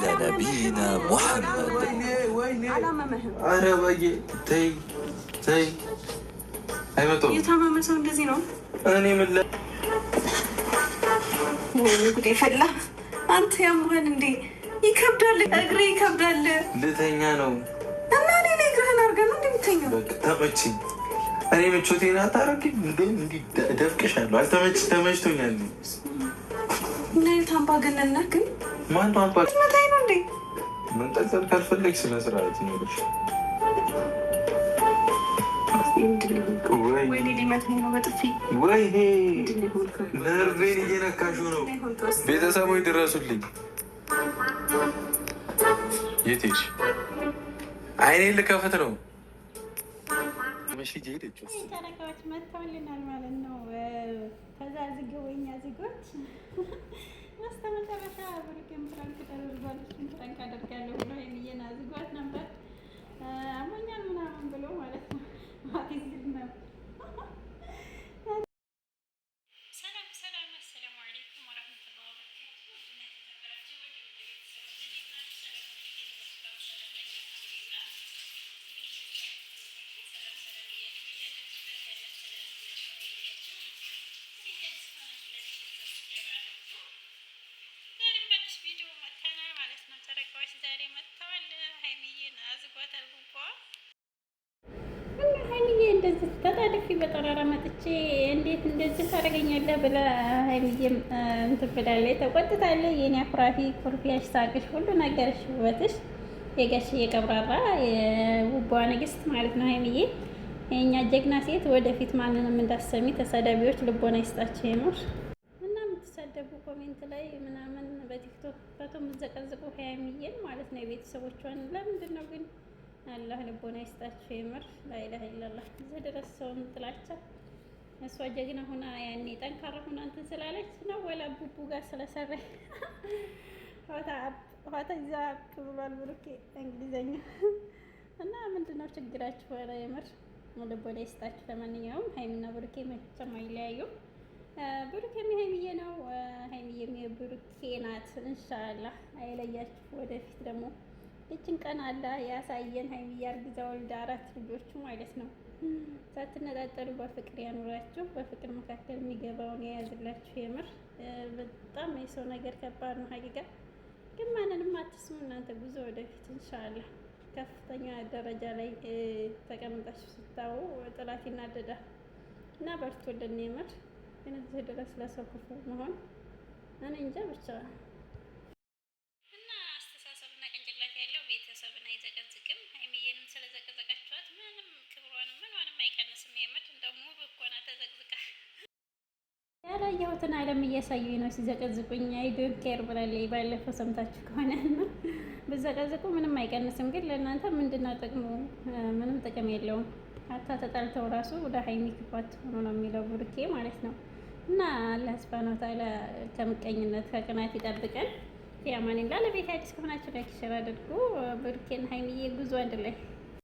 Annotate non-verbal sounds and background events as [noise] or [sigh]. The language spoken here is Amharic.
ለነቢይና ሙሐመድ የታመመ ሰው እንደዚህ ነው። ጉዴ ፈላ። አንተ እንዴ! ይከብዳል፣ እግሬ ይከብዳል። ልተኛ ነው እና እኔ እግርህን አድርገህ ነው ተመችኝ። እኔ ምቾቴን እንዲህ አልተመች ተመችቶኛል። ግን ማን ማንባት መታይ ነው እንዴ? መንጠልጠል ነርቬን እየነካሹ ነው። ቤተሰቦች ድረሱልኝ። የት ሄድሽ? አይኔን ልከፍት ነው። መሽጅ ሄደች። ጨረቃዎች መጥተውልናል ማለት ነው። ከዛ ዝግበኛ ዝጎች በስተመጨረሻ ብሩኬን ፕራንክ ተደርጓል። እሱን ፕራንክ አደርጋለሁ ብሎ ሀይሚዬን አዝጓል። ዛሬ መጥተዋል። ሀይሚዬን አዝጓታል። ጉጓ ሀይሚዬ እንደዚህ ተጣድፊ በጠራራ መጥቼ እንዴት እንደዚህ ታደርገኛለህ ብላ ሀይሚዬም እንትን ብላለች፣ ተቆጥታለች። የኔ አኩራፊ ኩርፊያሽ፣ ሳቅሽ፣ ሁሉ ነገርሽ፣ ውበትሽ የጋሽ የቀብራራ የውቧ ንግስት ማለት ነው ሀይሚዬ የእኛ ጀግና ሴት ወደፊት ማንንም እንዳሰሚ ተሳዳቢዎች ልቦና ይስጣቸው የኖር መታችሁ የምትዘቀዝቁ ሀያሚዬን ማለት ነው የቤተሰቦቿን ለምንድን ነው ግን? አላህ ልቦና ይስጣችሁ። የምር ላይላ ይላላህ እዛ ድረስ ሰውን ጥላቻ እሷ ጀግና ሆና ያኔ ጠንካራ ሆና እንትን ስላለች ነው ወላ ቡቡ ጋር ስለሰራ ሆታ ይዛ ብሏል ብሩኬ እንግሊዘኛ እና ምንድን ነው ችግራችሁ? ወላ የምር ልቦና ይስጣችሁ። ለማንኛውም ሀይሚና ብሩኬ መቼም አይለያዩም። ብሩኬም ሀይሚዬ ነው፣ ሀይሚዬም የብሩኬ ናት። እንሻላ አይለያችሁ። ወደፊት ደግሞ ይችን ቀን አላ ያሳየን። ሀይሚዬ አርግዛ ወልዳ አራት ልጆቹ ማለት ነው። ሳትነጣጠሉ በፍቅር ያኑራችሁ። በፍቅር መካከል የሚገባውን የያዝላችሁ። የምር በጣም የሰው ነገር ከባድ ነው። ሀቂቃ ግን ማንንም አትስሙ እናንተ። ጉዞ ወደፊት እንሻላህ። ከፍተኛ ደረጃ ላይ ተቀምጣችሁ ስታው ጥላት ይናደዳል እና በርቶልን የምር ግን እዚህ ድረስ ለሰው ክፉ መሆን እኔ እንጃ ብቻ እና አስተሳሰብና ቅንጭላት ያላየሁትን ዓለም እያሳዩኝ ነው ሲዘቀዝቁኝ። አይ ዶንት ኬር ብላለች። ባለፈው ሰምታችሁ ከሆነ [laughs] ብዘቀዝቁ ምንም አይቀንስም። ግን ለእናንተ ምንድነው ጥቅሙ? ምንም ጥቅም የለውም። አታ ተጣልተው ራሱ ወደ ሀይሚ ክፋት ሆኖ ነው የሚለው ብሩኬ ማለት ነው። እና አላህ ሱብሃነሁ ወተዓላ ከምቀኝነት ከቅናት ይጠብቀን። ያማኒላ ላለ ቤት አዲስ ከሆናችሁ ላይክ ሸር አድርጉ። ብሩኬን ሀይሚዬ ጉዞ አንድ ላይ